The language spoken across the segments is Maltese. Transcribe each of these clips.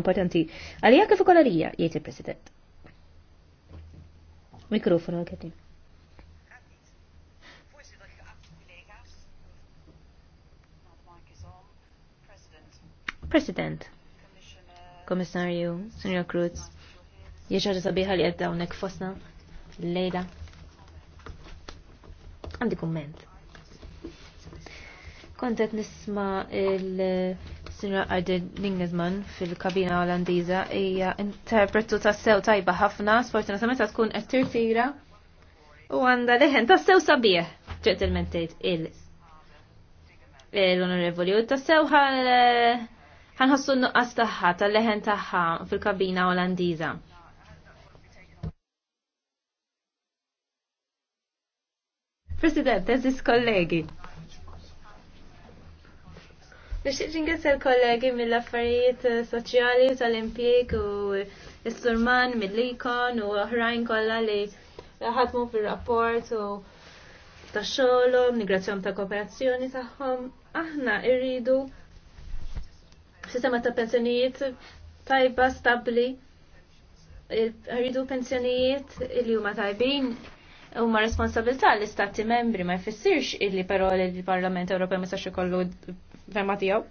importanti. Għalija kif ukoll għalija, jgħid il-President. Mikrofonu għaketi. President, Komissarju, Senjor Cruz, jieċaġa sabiħa li għedda unek fosna l-lejla. Għandi komment. Kontet nisma il- Sinra Arden Ningnesman fil-kabina Olandiża hija interpretu ta' sew tajba ħafna, sfortunatament ta' tkun qed u għandha leħen ta' sew sabieħ ċertilment il l-onorevoli u ta' sew ħanħossu nuqqas taħħa ta' leħen tagħha fil-kabina Olandiża. President, is kollegi. Biex ringrazzja il kollegi mill-affarijiet eh, soċjali tal-impjieg u s-surman mill-ikon u oħrajn kollha li ħatmu fil rapport u tax-xogħolhom, migrazzjon ta' kooperazzjoni tagħhom. Aħna irridu sistema ta' pensjonijiet tajba stabbli Irridu pensjonijiet li huma tajbin huma responsabilità l-istati membri ma jfissirx illi però il-Parlament Ewropew ma sax ikollu ferma tiegħu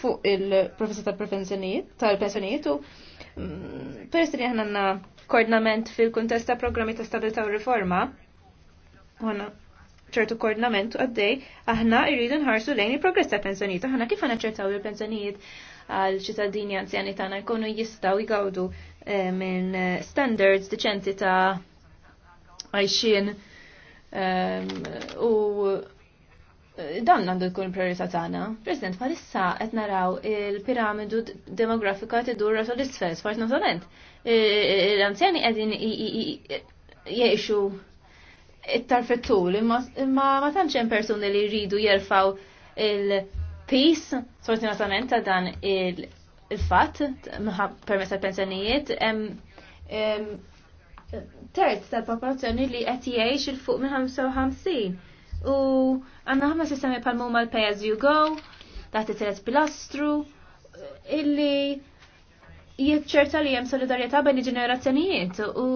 fuq il-professor tal-prevenzjonijiet tal-pensjonijiet u mm, peress li aħna għandna koordinament fil-kuntest ta' programmi ta' stabilità u riforma għandna ċertu koordinament għaddej aħna irridu nħarsu lejn il-progress ta' pensjonijiet aħna kif għandna ċertaw il-pensjonijiet għal ċittadini anzjani tagħna jkunu jistgħu jgawdu eh, minn standards diċenti ta' għajxin ehm, u eh, dan għandu jkun priorità tagħna. President, issa qed naraw il-piramidu demografika tidur rasol isfel, sfortunatament. Eh, eh, l-anzjani qegħdin jgħixu it-tarfettul, imma ma tantx hemm persuni li jridu jerfaw il-pis, fortunatament ta' dan il-fatt permezz tal-pensjonijiet, terz tal-popolazzjoni li qed jgħix il fuq minn 55 u għandna ħafna sistemi bħal mumma l-pay as you go taħt it-tret pilastru illi jiċċerta li hemm solidarjetà bejn il-ġenerazzjonijiet u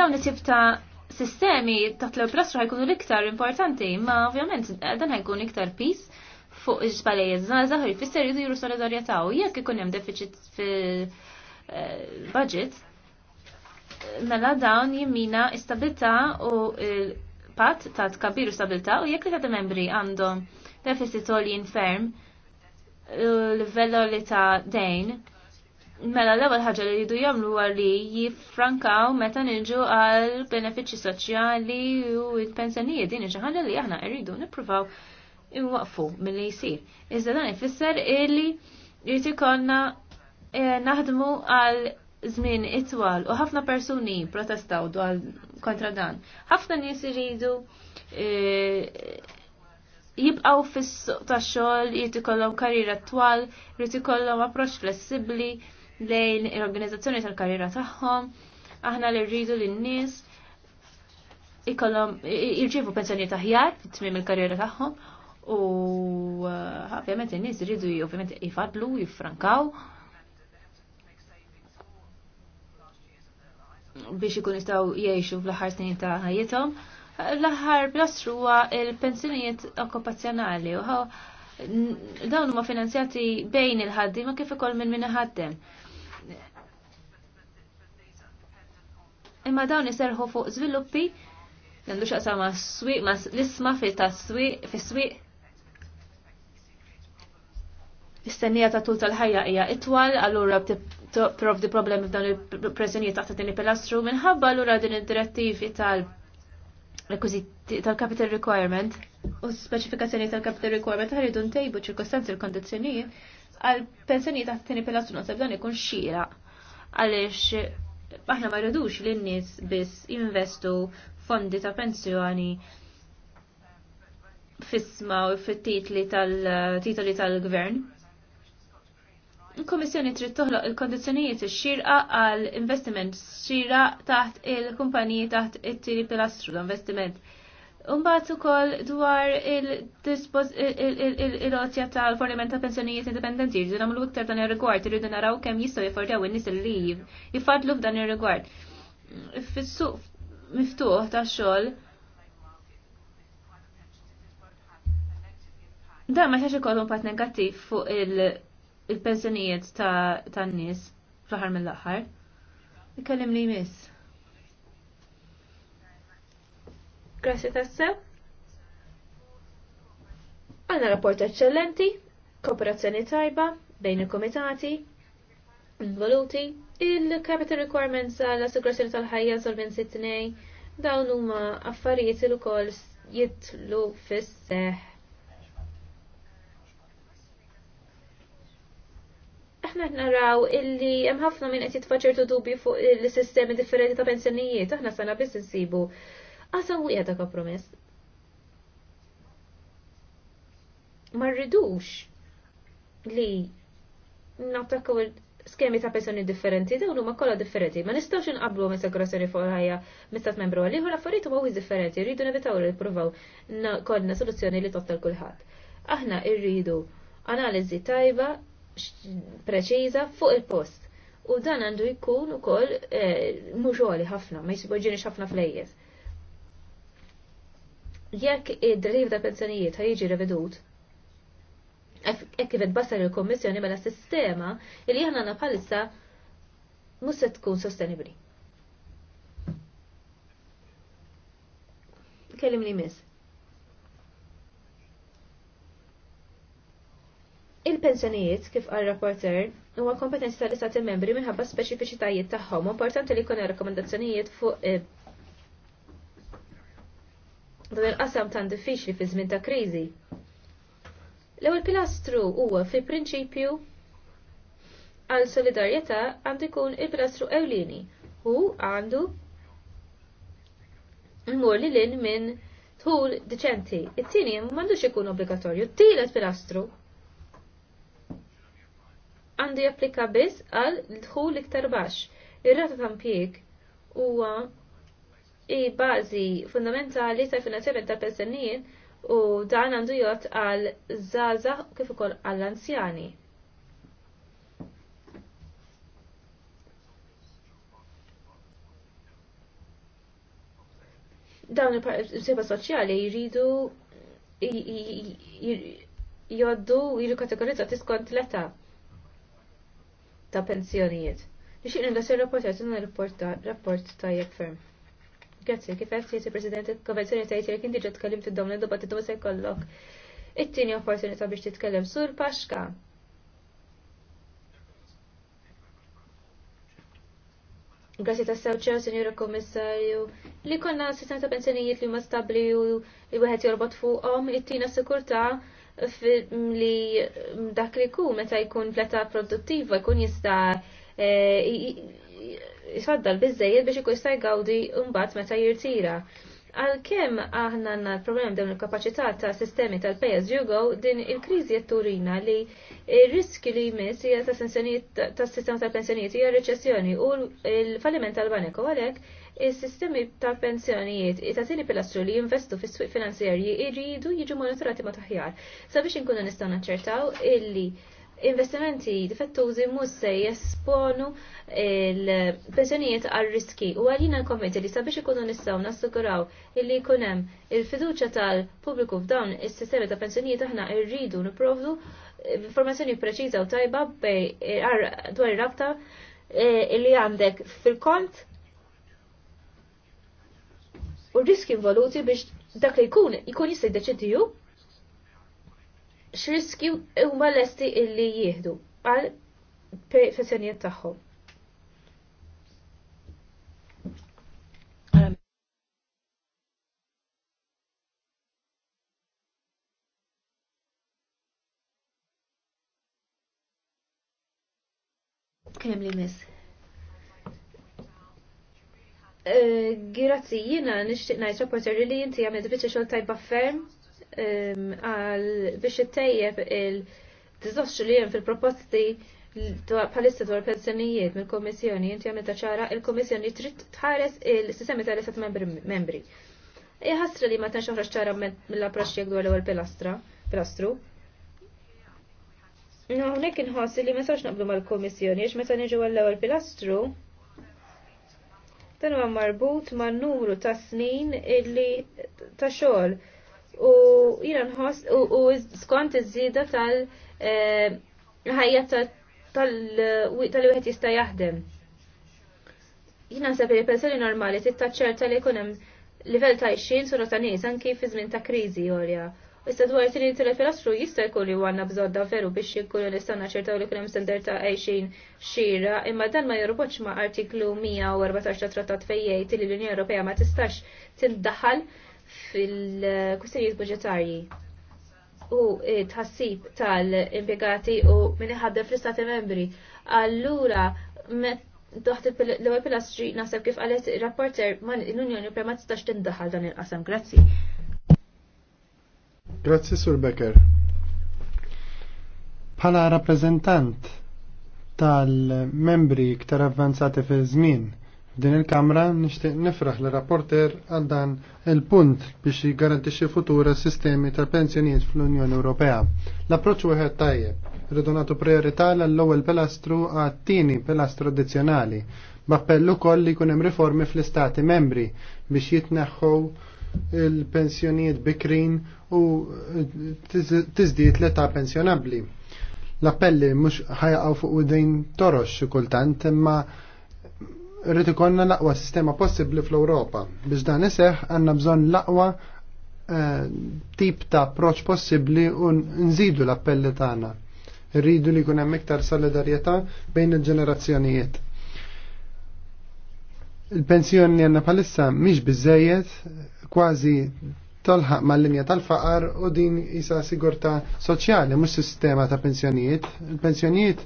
dawn it-tip ta' sistemi ta' tlew plastru ħajkunu l-iktar importanti, ma' ovvjament dan ħajkun iktar peace fuq iġbalejiet żgħażagħ jfisser jridu juru solidarjetà u jekk ikun hemm deficit fil-budget eh, mela dawn jimmina istabilta u l ta' tkabbir u u jekk li ta' membri għandhom deficit u li inferm livello li ta' dejn mela l-ewwel ħaġa li jridu jagħmlu huwa li jiffrankaw meta niġu għal benefiċċji soċjali u il pensjonijiet din xi ħaġa li aħna rridu nippruvaw imwaqfu mill-li jisir. Iżda dan ifisser illi jrid ikollna eh, naħdmu għal żmien itwal u ħafna persuni protestaw dwar kontra dan. Ħafna nies iridu eh, jibqaw fis tax-xogħol, jrid ikollhom karriera twal, jrid ikollhom approċċ flessibbli lejn l-organizzazzjoni tal-karriera tagħhom. Aħna li rridu lin-nies ikollhom jirċievu pensjonijiet aħjar fit-tmiem il-karriera tagħhom u eh, ovvjament in-nies iridu ovvjament ifadlu, jiffrankaw biex ikun jistgħu jgħixu fl-aħħar snin ta' ħajjithom. L-aħħar plastru huwa il-pensjonijiet okkupazzjonali u dawn huma finanzjati bejn il ma kif ukoll minn min ħaddem. Imma dawn iserħu fuq żviluppi għandu xaqsa ma' s-swiq, ma' l-isma' fis-swiq, fis-swiq Istennija ta' tul tal-ħajja hija itwal, allura di problemi f'dan il-preżenijiet taħt din il-pilastru minħabba allura din id-direttivi tal- tal-capital requirement u speċifikazzjoni tal-capital requirement ħaridu ntejbu ċirkostanzi l-kondizzjonijiet għal pensjonijiet taħt tini pilastru naħseb dan ikun xira għaliex aħna ma rridux l nies biss jinvestu fondi ta' pensjoni fisma u fit-titli tal-titoli tal-gvern. Il-Kommissjoni trid toħloq il-kondizzjonijiet ix-xirqa għal investiment xira taħt il-kumpaniji taħt it-tieni pilastru l-investiment. Imbagħad ukoll dwar il-ozja tal-forniment ta' pensjonijiet indipendenti jridu nagħmlu iktar dan ir-rigward, irridu naraw kemm jistgħu jiffordew in-nies li jifadlu f'dan ir-rigward. Fis-suq miftuħ tax xogħol Da ma xaxi kolum pat negattiv fuq il- il-pensjonijiet ta' tan nies fl-aħħar mill-aħħar. Ikellim li jmiss. Grazie tassew. Għanna rapport eccellenti, kooperazzjoni tajba bejn il-komitati, involuti, il-capital requirements għall-assigurazzjoni tal-ħajja solvenzi t dawn huma affarijiet il ukoll jitlu fis-seħ aħna naraw illi hemm ħafna minn qed jitfaċertu dubju fuq il-sistemi differenti ta' pensjonijiet, aħna sana biss insibu. Qasam wieħed ta' kompromess. Ma rridux li nattakkaw skemi ta' pensjoni differenti, dawn huma kollha differenti. Ma nistgħux inqablu minn segrazzjoni fuq ħajja mistat membru għal ieħor affarijiet huma wieħed differenti, rridu nevitaw li nippruvaw kollna soluzzjoni li totta l kulħadd. Aħna rridu analiżi tajba preċiża fuq il-post. U dan għandu jkun ukoll eh, muġoli ħafna, ma jisibuġini ħafna flejjes. Jekk id drif ta' pensjonijiet ħajġi revedut, ekk kifet basar il-Kommissjoni mela sistema li ħana na palissa mhux se tkun sostenibbli. Kellim li miss. Il-pensjonijiet, kif għal rapporter, huwa kompetenzi tal-istati membri minħabba speċifiċitajiet tagħhom. Importanti li jkun rakkomandazzjonijiet fuq eh, dan il-qasam tan diffiċli fi żmien ta' kriżi. L-ewwel pilastru huwa fi prinċipju għal solidarjetà għandu jkun il-pilastru ewlieni u għandu mmur li lin minn tħul diċenti. It-tieni m'għandux ikun obbligatorju. Tielet pilastru għandu japplika biss għal dħul iktar baxx. Ir-rata ta' impjieg huwa i bażi fundamentali ta' finanzjament ta' pensjonijiet u dan għandu jgħod għal żgħażagħ kif ukoll għall anzjani. Dawn il-seba soċjali jridu jgħoddu jiru kategorizzati skont l-età ta' pensjonijiet. Nixtieq ringrazzja r-rapporter tagħna rapport tajjeb ferm. Grazie, kif qed jessi President il-Konvenzjoni tgħid jekk inti ġed tkellimt id-dawn id-dibattitu se kollok it-tieni opportunità biex titkellem sur Paxka. Grazie ta' sewċew, senjora Komissarju, li konna sistema ta' pensjonijiet li ma stabli u li wieħed jorbot fuqhom, it-tina sikurtà li mm, dak li ku meta jkun fleta produttiva jkun jista eh, jisfaddal bizzejed biex jkun jista' jgawdi mbagħad meta jirtira. Għalkemm aħna għanna l-problem dawn il-kapaċità ta' sistemi tal-pay jugo, din il-kriżi qed turina li r-riski li jmiss hija ta' sistema tal-pensjonijiet hija reċessjoni u l-falliment tal-banek u għalek? Is-sistemi ta' pensjonijiet ta' tieni pilastru li jinvestu fis suq finanzjarji jridu jiġu monitorati ma' taħjar sabiex inkunu nistgħu naċċertaw illi investimenti difettużi mhux se jesponu il-pensjonijiet għal riski u għalina l-kommenti li sabiex ikunu nistgħu nassiguraw illi jkun hemm il-fiduċja tal-pubbliku f'dawn is-sistemi ta' pensjonijiet aħna rridu nipprovdu informazzjoni preċiża u tajba dwar ir-rabta eh, illi għandek fil-kont u riski involuti biex dak li jkun jkun jista' jiddeċidiju x'riski huma lesti illi jieħdu għal professjonijiet tagħhom. Kemm li miss? Eh, grazzi, jina nishtiq najt rapporter li jinti għamil biċa xol tajba ferm għal biex it-tejjeb il-dizostru li jen fil-proposti palista dwar pensjonijiet mill-Komissjoni, jinti għamil taċara il-Komissjoni trid tħares il-sistemi tal-istat membri. Iħasra li ma tanx oħra ċara mill-approċċ jek dwar l-ewwel pilastra, pilastru. Hawnhekk inħossi li ma sarx naqblu mal-Komissjoni għax meta niġu għall-ewwel pilastru, dan huwa marbut man numru ta' snin illi ta' xogħol. U jiena nħoss u skont iż-żieda tal eh, ħajja tal-wieħed jista' jaħdem. Jiena nseb li persuni normali tittaċċerta li jkun hemm livell ta' ixxin sura ta' nies anki fi żmien ta' kriżi għolja. Issa dwar tini il pilastru jista' jkun li għandna bżodda veru biex li nistgħu naċċertaw li kunem hemm ta' għejxin xira, imma dan ma jorbotx ma' artiklu 114 ta' trattat fejjej li l-Unjoni Ewropea ma tistax tindaħal fil-kwistjonijiet budġetarji u tħassib tal-impjegati u min iħaddem fl-istati membri. Allura, doħt l-ewwel pilastri naħseb kif qalet rapporter l-Unjoni Ewropea ma tistax tindaħal dan il-qasam. Grazzi. Grazzi, Sur Becker. Bħala rappresentant tal-membri iktar avvanzati fi żmien f'din il-Kamra nixtieq nifraħ l rapporter għal dan il-punt biex jgarantixxi futura sistemi tal-pensjonijiet fl-Unjoni Ewropea. L-approċċ wieħed tajjeb, irridu nagħtu priorità l-ewwel pilastru għat-tieni pilastru addizzjonali. B'appell ukoll li jkun hemm riformi fl-istati membri biex jitneħħu il-pensjonijiet bikrin u tiżdiet l-età pensjonabbli. L-appelli mhux ħajqgħu fuq dejn torox xi kultant imma rrid ikonna l-aqwa sistema possibbli fl-Ewropa. Biex dan iseħħ għanna bżonn l-aqwa eh, tip ta' approċ possibbli u nżidu l-appelli tagħna. Rridu li jkun hemm iktar solidarjetà bejn il-ġenerazzjonijiet. Il-pensjoni għanna bħalissa mhix biżejjed kważi tolħaq mal-linja tal-faqar u din isa sigurta soċjali, mux sistema ta' pensjonijiet. Il-pensjonijiet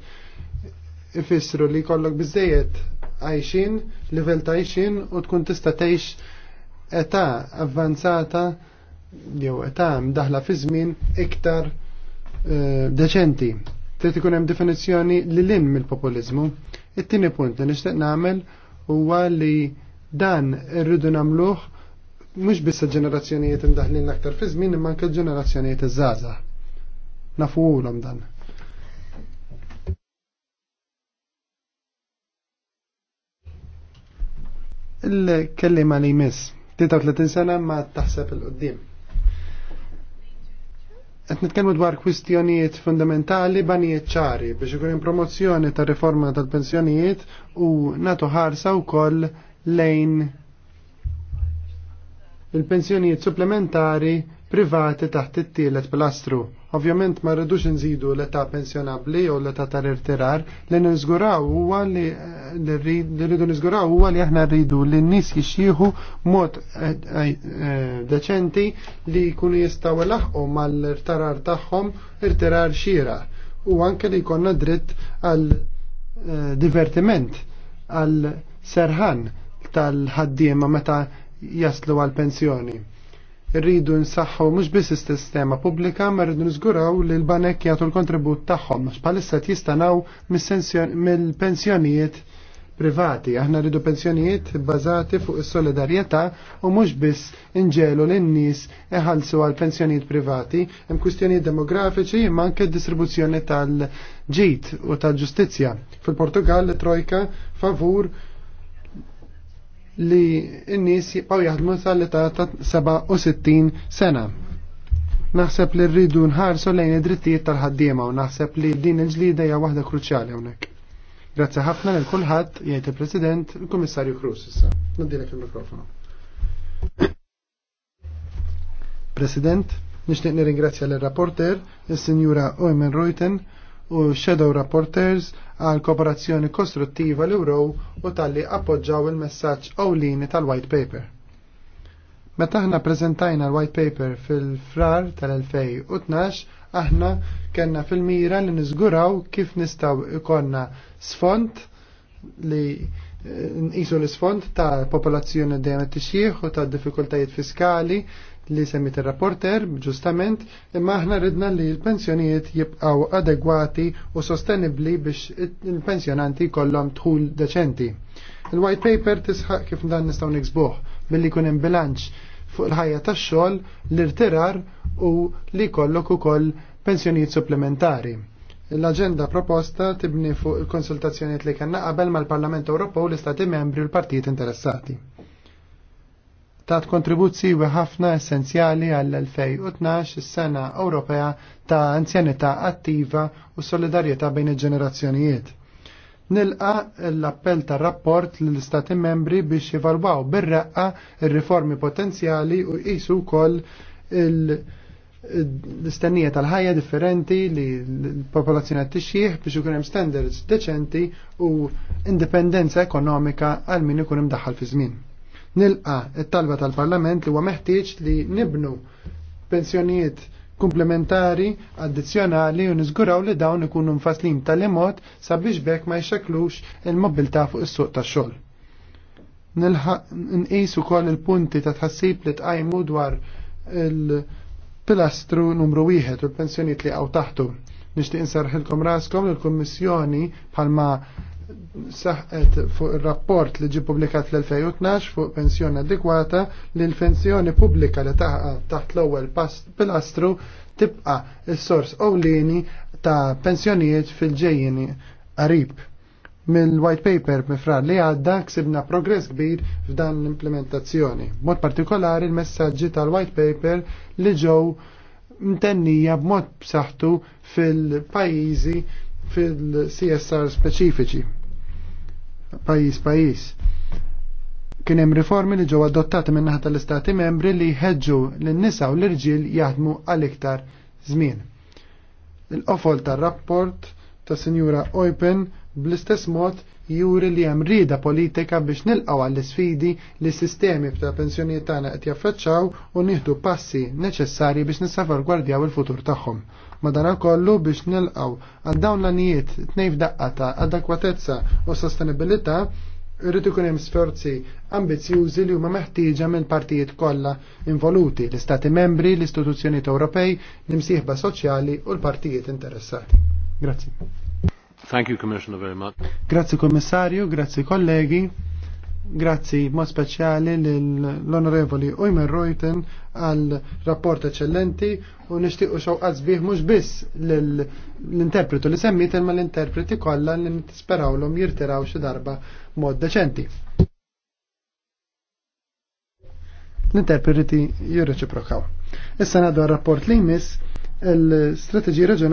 ifissru li kollok bizzejiet għajxin, livell ta' għajxin u tkun tista' teħx età avvanzata jew età mdaħla fi żmien iktar eh, deċenti. Trid ikun hemm definizzjoni li lin mill-populiżmu. It-tieni punt li nixtieq nagħmel huwa li dan irridu nagħmluh mhux biss il-ġenerazzjonijiet imdaħlin aktar fi żmien imma anke l-ġenerazzjonijiet iż-żgħażagħ. Nafuhulhom dan. Il-kellima li jmiss, 33 sena ma taħseb il-qoddim. Qed nitkellmu dwar kwistjonijiet fundamentali banijiet ċari biex ikun hemm promozzjoni ta' riforma tal-pensjonijiet u nagħtu ħarsa wkoll lejn il-pensjonijiet supplementari privati taħt it-tielet pilastru. Ovvjament ma rridux nżidu l-età pensjonabbli u l-età tal-irtirar li nżguraw huwa li rridu nżguraw huwa li aħna rridu li n-nies jixxieħu mod eh, eh, eh, deċenti li jkunu jistgħu laħqu mal-irtirar tagħhom irtirar xira u anke li jkollna dritt għal divertiment għal serħan tal-ħaddiema meta jaslu għal pensjoni. Rridu nsaħħu mhux biss is-sistema pubblika ma rridu nżguraw li l-banek jagħtu l-kontribut tagħhom għax bħalissa jistanaw mill-pensjonijiet privati. Aħna rridu pensjonijiet bbażati fuq is-solidarjetà u mhux biss inġelu lin-nies iħallsu għal pensjonijiet privati. Hemm kwistjonijiet demografiċi imma anke d-distribuzzjoni tal-ġid u tal-ġustizzja. Fil-Portugal trojka favur li n-nis jibqaw jaħdmu sal-età ta' 67 sena. Naħseb li rridu nħarsu lejn id-drittijiet tal-ħaddiema u naħseb li din il-ġlida hija waħda kruċjali hawnhekk. Grazzi ħafna lil kulħadd jgħid il-President il-Kummissarju Cruz issa. Nadilek il mikrofono President, nixtieq nirringrazzja lir rapporter is-Sinjura Oymen Reuten, u Shadow Rapporters għal kooperazzjoni kostruttiva l-Ewrow u tal-li appoġġaw il-messaġġ ewlieni tal-White Paper. Meta aħna prezentajna l-White Paper fil-frar tal-2012, aħna kellna fil-mira li niżguraw kif nistgħu ikonna sfond li eh, nqisu l-isfond ta' popolazzjoni dejjem tixjih u ta' diffikultajiet fiskali li semmit il-rapporter, ġustament, imma aħna ridna li l-pensjonijiet jibqaw adegwati u sostenibli biex il-pensjonanti kollom tħul deċenti. Il-white paper tisħaq kif dan nistaw niksbuħ, billi kunem bilanċ fuq il-ħajja tax-xogħol, l-irtirar u li kollok ukoll pensjonijiet supplementari. L-agenda proposta tibni fuq il-konsultazzjoniet li kanna qabel mal-Parlament Ewropew l-Istati membri u l-partijiet interessati tat kontribuzzi ħafna essenzjali għall-2012 is-sena Ewropea ta' anzjanità attiva u solidarjetà bejn il-ġenerazzjonijiet. Nilqa l-appell tar rapport l istati membri biex jivalwaw bir-raqqa ir-riformi potenzjali u jisu wkoll il- l-istennija tal-ħajja differenti li l-popolazzjoni għat tixjih biex ikun hemm standards deċenti u indipendenza ekonomika għal min ikun imdaħħal fi żmien. Nilqa it-talba tal-Parlament li huwa meħtieġ li nibnu pensjonijiet komplementari, addizzjonali u niżguraw li dawn ikunu mfaslin tal-imot sabiex bekk ma jxaklux il-mobilta fuq is-suq tax-xogħol. Nqisu ukoll il-punti ta' tħassib li tqajmu dwar il-pilastru numru wieħed u l-pensjonijiet li qgħu taħtu Nixtieq insarħilkom raskom l kummissjoni bħalma saħqet fuq il-rapport li ġi publikat l-2012 fuq pensjoni adekwata li l-pensjoni pubblika li taħqa taħt l-ewwel pilastru tibqa' il sors ewlieni ta' pensjonijiet fil-ġejjini qarib. Mill-white paper mifrar li għadda ksibna progress kbir f'dan l-implementazzjoni. Mod partikolari l-messaġġi tal-white paper li ġew mtennija b'mod b'saħħtu fil-pajjiżi fil-CSR speċifiċi pajis pajis. Kien hemm riformi li ġew adottati minn naħa tal-istati membri li jħeġġu lin-nisa u l-irġiel jaħdmu għal iktar żmien. Il-qofol tar-rapport ta' Sinjura Open bl-istess mod juri li hemm rida politika biex nilqgħu għall sfidi li sistemi ta' pensjonijiet tagħna qed jaffaċċaw u nieħdu passi neċessarji biex gwardjaw il-futur tagħhom. Madankollu kollu biex nilqaw għal dawn l-anijiet tnejf daqqa ta' adekwatezza u sostenibilità irrid ikun hemm sforzi ambizjużi li huma meħtieġa mill partijiet kollha involuti, l-Istati membri, l-istituzzjonijiet Ewropej, l-imsieħba soċjali u l-partijiet interessati. Grazzi. Thank you, Commissioner, very much. Grazzi, Kommissarju, Grazie, kollegi. Grazzi mod speċjali l-Onorevoli Ujmer Reuten għal rapport eccellenti u u xawqat zbih mux biss l-interpretu li semmit ma l-interpreti kollha li nisperaw l-om jirtiraw xi darba mod deċenti. L-interpreti jirreċiprokaw. Issa nadu rapport li jmiss l-strategi reġjonali